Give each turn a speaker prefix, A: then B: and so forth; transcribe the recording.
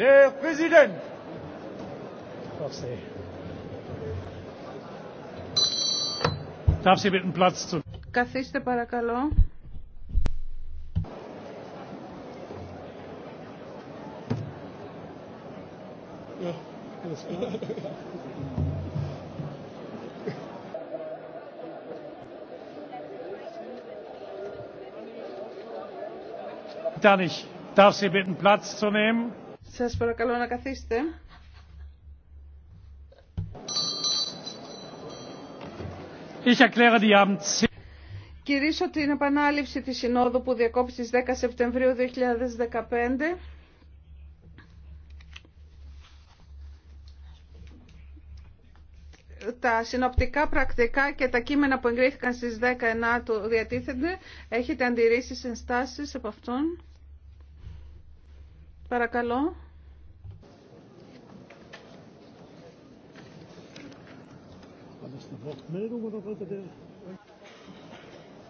A: Herr Präsident! Darf
B: Sie bitten, Platz zu
C: nehmen? Paracalo.
B: Ja, darf Sie bitten, Platz zu nehmen.
D: Σας παρακαλώ να καθίσετε.
B: Ich erkläre die Abend.
E: Κυρίσω την επανάληψη της Συνόδου που διακόπησε στις 10 Σεπτεμβρίου 2015. τα συνοπτικά πρακτικά και τα κείμενα που εγκρίθηκαν στις 19 του διατίθενται. Έχετε αντιρρήσεις, ενστάσεις από αυτόν. Παρακαλώ.